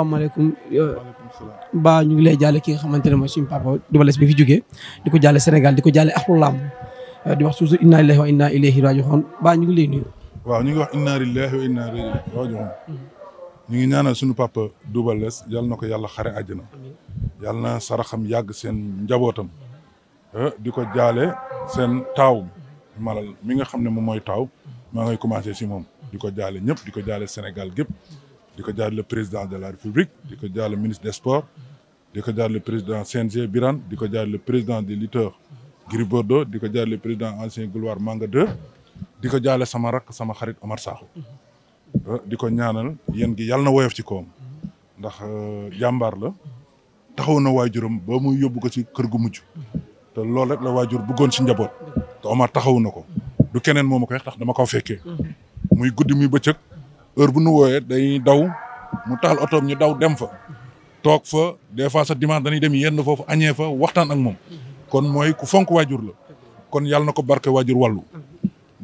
asalaamaaleykum euh, baa ñu ngi lay jàlle ki nga xamante ne mooy suñu papa Double Less bi fi jógee di ko jàlle senegal di ko jàlle axlu lamb euh, di wax toujours inna lillahi wa inna ilayhi raji'un ba ñu ngi lay nuyu waaw ñu ngi wax inna lillahi wa inna ilayhi ñu ngi ñaanal suñu papa Double Less yàlla na ko yàlla xare àjjana yal na saraxam yàgg seen njabootam euh, di ko jaale seen taaw malal mi nga xam ne moom mooy taaw maa ngay commencé si moom di ko jaale ñëpp di ko jaale Sénégal gépp di ko jaarale président de la république di ko jaarale ministre des sports di ko jaarale président CNG Birane di ko jaarale président des lutteurs Gris Bordeaux di ko jaarale président ancien gloire Manga 2 di ko jaarale sama rak sama xarit Omar Sakho euh, di ko ñaanal yéen gi yàlla na woyof ci kawam ndax euh, jàmbaar la taxaw na waajuram boo muy yóbbu ko ci kër gu mujj te loolu rek la waajur bëggoon ci njaboot te Omar taxaw na ko du keneen moo ma koy tax dama heure bu nu wooyee day daw mu taal otoom ñu daw dem fa toog fa des fois sa dimanche dañuy dem yenn foofu añee fa waxtaan ak moom kon mooy ku fonk waajur la kon yàlla na ko barke waajur wallu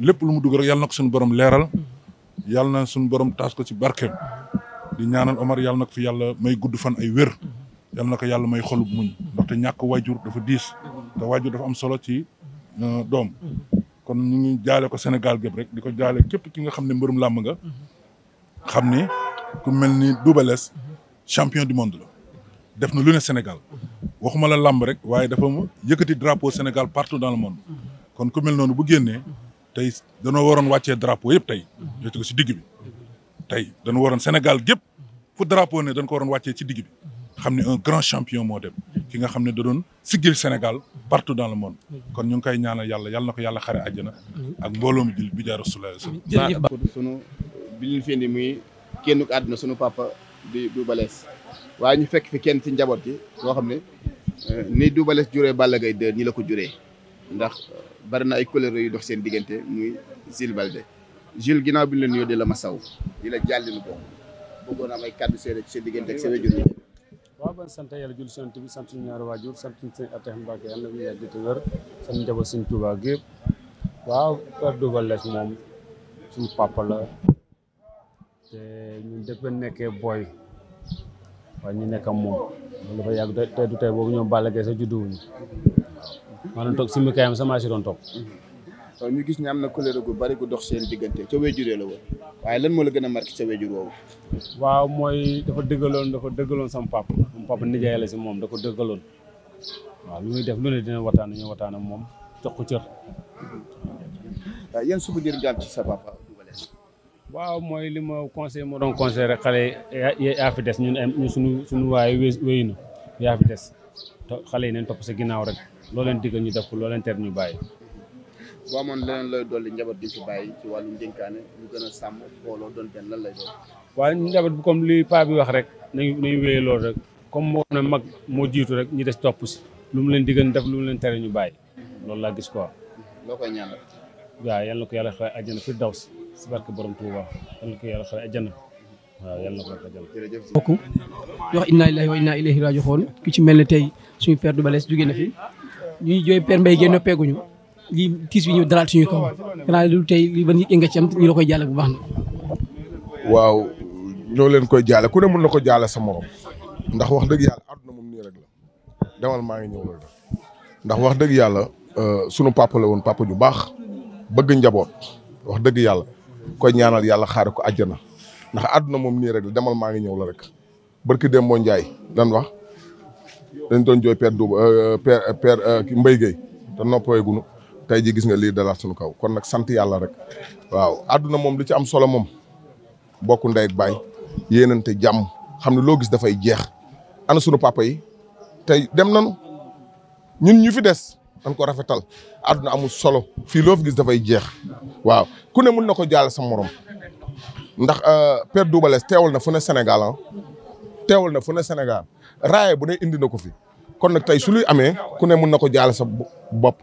lépp lu mu dugg rek yàlla ko suñu borom leeral yàlla na suñu borom taas ko ci barkeem di ñaanal Omar yàlla na fi yàlla may gudd fan ay wér yàlla na ko yàlla may xolub muñ ndaxte ñàkk waajur dafa diis te waajur dafa am solo ci euh, doom kon ñu ngi jaale ko Sénégal gépp rek di ko jaale képp ki nga xam ne mbërum làmb nga xam ni ku mel ni Double Less champion du monde la def na lu ne Sénégal waxuma la làmb rek waaye dafa yëkkati drapeau Sénégal partout dans le monde kon ku mel noonu bu génnee tey danoo waroon wàccee drapeau yëpp tey ñoo si digg bi tey waroon Sénégal gépp fu drapeau ne dañ ko waroon wàccee ci digg bi xam ne un grand champion moo dem ki nga xam ne da doon siggil Sénégal partout dans le monde kon ñu ngi koy ñaanal yàlla yàlla na ko yàlla xare àjjana ak mbooloo mi jul bi bi leen fi muy kenn ku àdduna suñu papa di Double Less waaye ñu fekk fi kenn ci njaboot ji boo xam ne eh, ni Double Less juree Balla Gaye 2 ñi la ko juree ndax eh, bari na ay couleur yu dox seen diggante muy Jules Baldé Jules ginnaaw bi ñu la nuyoo la masaw di la jàllinu ko bëggoon am ay kàddu seen diggante ak seen wéjur yi waaw sant yàlla jul sant bi sant ñaari waajur sant suñu sëñ Atta Mbacké yàlla na ñu yàgg te wér sant njaboot suñu waaw Double moom suñu papa la te ñun depuis nekkee booy waaw ñu nekk ak moom dafa yàgg te du tey boobu ñoom Balla Gaye sa juddu wuñu maanaam toog simmi kaayam sama si doon toog. waaw ñu gis ne am na colère gu bari gu dox seen diggante ca wéjuree la woon waaye lan moo la gën a marqué ca wéjur woowu. waaw mooy dafa dëggaloon dafa dëggaloon sama papa sama papa nijaay la si moom da ko dëggaloon waaw lu muy def lu ne dina waxtaan ñu waxtaan ak moom jox ko cër. waaw yan sa papa. waaw mooy li ma conseil moo doon conseil rek xale yi yaa fi des ñu suñu suñu waaye wéyu na yaa fi des xale yi neen topp sa ginnaaw rek loo leen diggal ñu def loo leen ter ñu bàyyi boo amoon leneen looy njaboot bi ci bàyyi ci wàllu njënkaane ñu gën a sàmm booloo doon benn lan lay doon waaw njaboot comme li paa bi wax rek nañu nañu wéyee loolu mag moo jiitu rek ñu des topp si lu mu leen diggal def lu mu leen tere ñu bàyyi loolu laa gis quoi loo koy ñaanal waaw yàlla na ko yàlla xëy àjjana fi daw si si barke borom Touba yal na ko yàlla xale àjjana waaw yal na ko àjjana. mbokk yi wax inna lillahi wa inna ilayhi raji'un ku ci mel ne tey suñu père du balees jóge na fi ñuy jooy père Mbaye Guèye noppeeguñu lii tiis bi ñu dalaat suñu kaw xanaa lu tey ba ban yëg nga ci am koy jàlle bu baax na. waaw leen koy jàlle ku ne mën ko jàlle sa morom ndax wax dëgg yàlla àdduna moom nii rek la demal maa ngi ñëw ndax wax dëgg yàlla euh, sunu papa la woon papa ju baax bëgg njaboot wax dëgg yàlla. koy ñaanal yàlla xaare ko àjjana ndax àdduna moom nii rek demal maa ngi ñëw la rek barki dem moo njaay dañ wax dañ doon jooy père Duba euh, père euh, père euh, Mbaye te noppee gunu tey ji gis nga lii dalaat suñu kaw kon nag sant yàlla rek waaw àdduna moom li ci am solo moom bokk ndey ak baay yéenante jàmm xam ne loo gis dafay jeex ana sunu papa yi tey dem nanu ñun ñu fi des nan ko rafetal àdduna amul solo fii loo fi gis dafay jeex waaw ku ne mun na ko jàll sa morom ndax euh, per Double Less teewal na fu ne Sénégal ah na fu ne Sénégal raaye bu ne indi na ko fi kon nag tey su luy amee ku ne mun na ko jàll sa bopp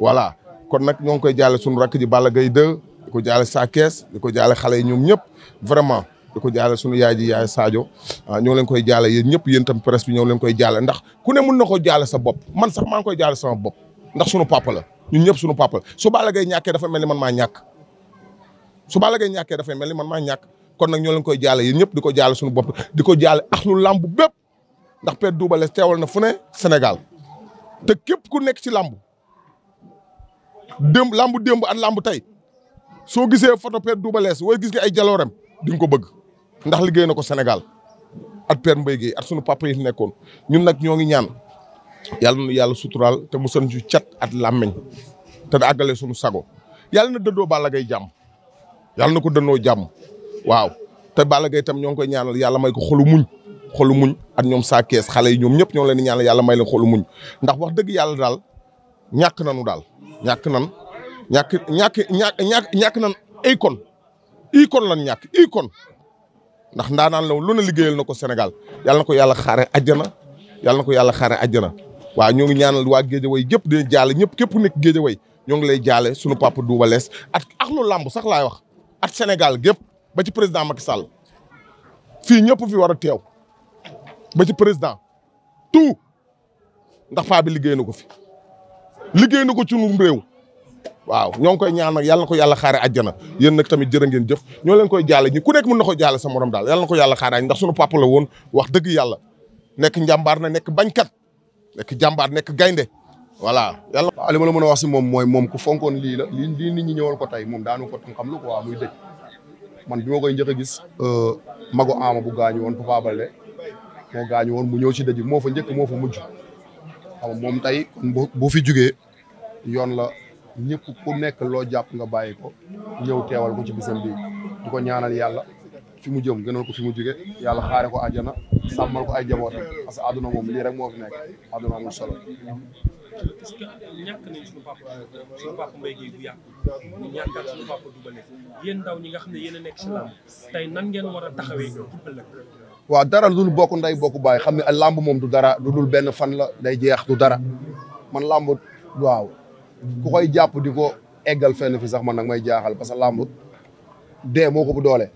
voilà kon nag ñoo ngi koy jaale suñu rakk ji Balla Gaye 2 di ko jaale saa kees di ko jaale xale yi ñoom ñëpp vraiment di ko jaale yaay ji yaay Sadio ah, ñoo leen koy jaale yéen ñëpp yéen tam presse bi ñoo leen koy jaale ndax ku ne mun na ko jaale sa bopp man sax maa ngi koy jaale sama bopp ndax sunu papa la ñun ñëpp sunu papa la ñàkkee dafa mel ni man maa ñàkk su Balla Gaye dafa mel ni man maa ñàkk kon nag ñoo leen koy jaale yéen ñëpp di ko jaale sunu bopp di ko jaale axlu làmb bépp ndax Père Double Less teewal na fu ne Sénégal te képp ku nekk ci làmb démb làmb démb ak làmb tey soo gisee photo Père Double Less gis nga ay jaloorem di ko bëgg ndax liggéey na ko senegal at Père Mbaye Guèye at sunu papa yi nekkoon ñun nag ñoo ngi ñaan. yàlla na yàlla suturaal te musan ju cat at làmmiñ te da àggale suñu sago yàlla na dëddoo Balla Gaye jàmm yàlla na ko dënnoo jàmm waaw te Balla Gaye tam ñoo ngi koy ñaanal yàlla may ko xolu muñ xolu muñ ak ñoom saa kees xale yi ñoom ñëpp ñoo leen di ñaanal yàlla may leen xolu muñ ndax wax dëgg yàlla daal ñàkk nanu daal ñàkk nan ñàkk ñàkk ñàkk ñàkk nan icône icône lan ñàkk icône ndax ndaanaan la lu na liggéeyal na ko Sénégal yàlla na ko yàlla xaare àjjana yàlla na ko yàlla xaare àjjana waaw ñoo ngi ñaanal waa Géejawaay yëpp di jaale ñëpp képp nekk Géejawaay ñoo ngi lay jaale sunu papa Double Less at ak lu làmb sax laay wax at Sénégal gépp ba ci président Macky Sall fii ñëpp fi war a teew ba ci président tout ndax paa liggéey na ko fi liggéey na ko ci nu réew waaw ñoo ngi koy ñaan nag yàlla na ko yàlla xaare àjjana yéen nag tamit jërë ngeen jëf ñoo leen koy jaale ñi ku nekk mën na ko jaale sa morom daal yàlla na ko yàlla xaare ndax sunu papa la woon wax dëgg yàlla nekk njàmbaar na nekk bañkat nekk jàmbaar nekk gaynde voilà yàlla waaw li ma la mën a wax si moom mooy moom ku fonkoon lii la lii lii nit ñi ñëwal ko tey moom daan ko xam lu quoi muy dëj man bi ma koy njëkk a gis euh, mago ama bu gaañu woon Papa Balde moo gaañu woon mu ñëw si dëj moo fa njëkk moo fa mujj xam moom tey bu fi jugee yoon la ñëpp ku nekk loo jàpp nga bàyyi ko ñëw teewal ko ci bisam bi di ko ñaanal yàlla fi mu jëm gënal ko fi mu jugee yàlla xaare ko àjjana sàmmal ko ay jabootam parce que àdduna moom lii rek moo fi nekk àdduna amul solo. nga xam ne waaw dara dul bokk nday bokk bàyyi xam ne làmb moom du dara du dul benn fan la day jeex du dara man làmb waaw ku koy jàpp di ko eggal fenn fi sax man nag may jaaxal parce que làmb dee moo ko doole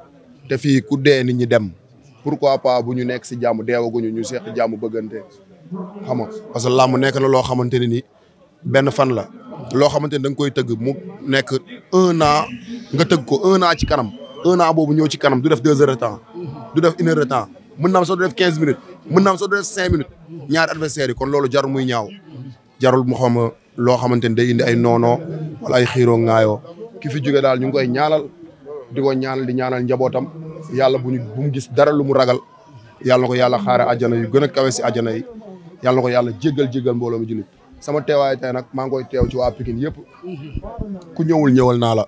te fii ku dee nit ñi dem pourquoi pas bu ñu nekk si jàmm deewaguñu ñu seex jàmm bëggante xam nga parce que làmb nekk na loo xamante ne ni benn fan la loo xamante ni da koy tëgg mu nekk un an nga tëgg ko un an ci kanam un an boobu ñëw ci kanam du def deux de temps du def une heure mën naa am soo du def quinze minutes mën naa am soo du def cinq minutes ñaari adversaires yi kon loolu jarul muy ñaaw jarul mu xam loo xamante ni day indi ay noonoo wala ay xiiroo ŋaayoo ki fi jóge daal ñu ngi koy ñaanal di ko ñaanal di ñaanal njabootam yàlla bu ñu bu mu gis dara lu mu ragal yàlla ko yàlla xaare àjjana yu gën a kawe si àjjana yi yàlla na ko yàlla jéggal jéggal mbooloo mi jullit sama teewaay tey nag maa ngi koy teew ci waa Pikine yëpp ku ñëwul ñëwal naa la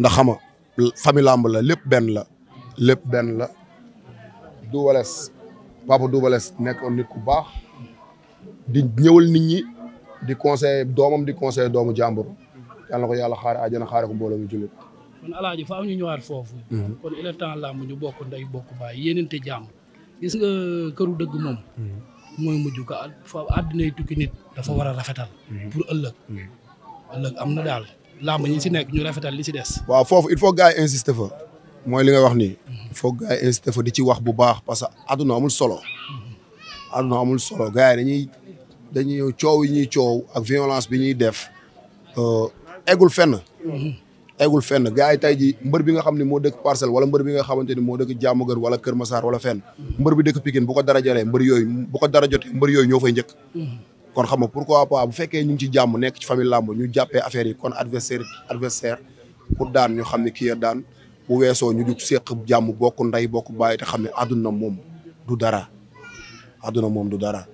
ndax xama famille làmb lépp benn la lépp benn la duubales papa duubales nekkoon nit ku baax di ñëwal ni ñi di conseiller doomam di conseiller doomu jàmbur yàlla na ko yàlla xaare àjjana xaare ko mbooloo mu jullit kon alaaji fa ñu ñëwaat foofu. Mhm. kon il est temps làmb ñu bokk ndey bokk baay yéenante jàmm gis nga këru dëgg moom. Mhm. mooy mujj ko fa àddinay tukki nit dafa war a rafetal. Mhm. pour ëllëg. am na daal làmb ñu si nekk ñu rafetal li si des. waaw foofu il faut gars yi insister fa. mooy li nga wax ni il faut gars fa di ci wax bu baax parce que àdduna amul solo. àdduna amul solo gars yi dañuy coow yi ñuy coow ak violence bi ñuy def euh, eggul fen eggul fenn gars yi tey ji mbër bi nga xam ne moo dëkk parcelle wala mbër bi nga xamante ni moo dëkk Diamaguène wala Kër Massar wala fenn mbër bi dëkk Pikine bu ko dara jalee mbër yooyu bu ko dara jotee mbër yooyu ñoo fay njëkk mm-hmm. kon xam nga pourquoi pas bu fekkee ñu ngi ci jàmm nekk ci famille làmb ñu jàppee affaire yi kon adversaire adversaire pour daan ñu xam ne kii daan u weesoo ñu dug séq jàmm bokk ndey bokk bàyyi te xam ne àdduna moom du dara moom du dara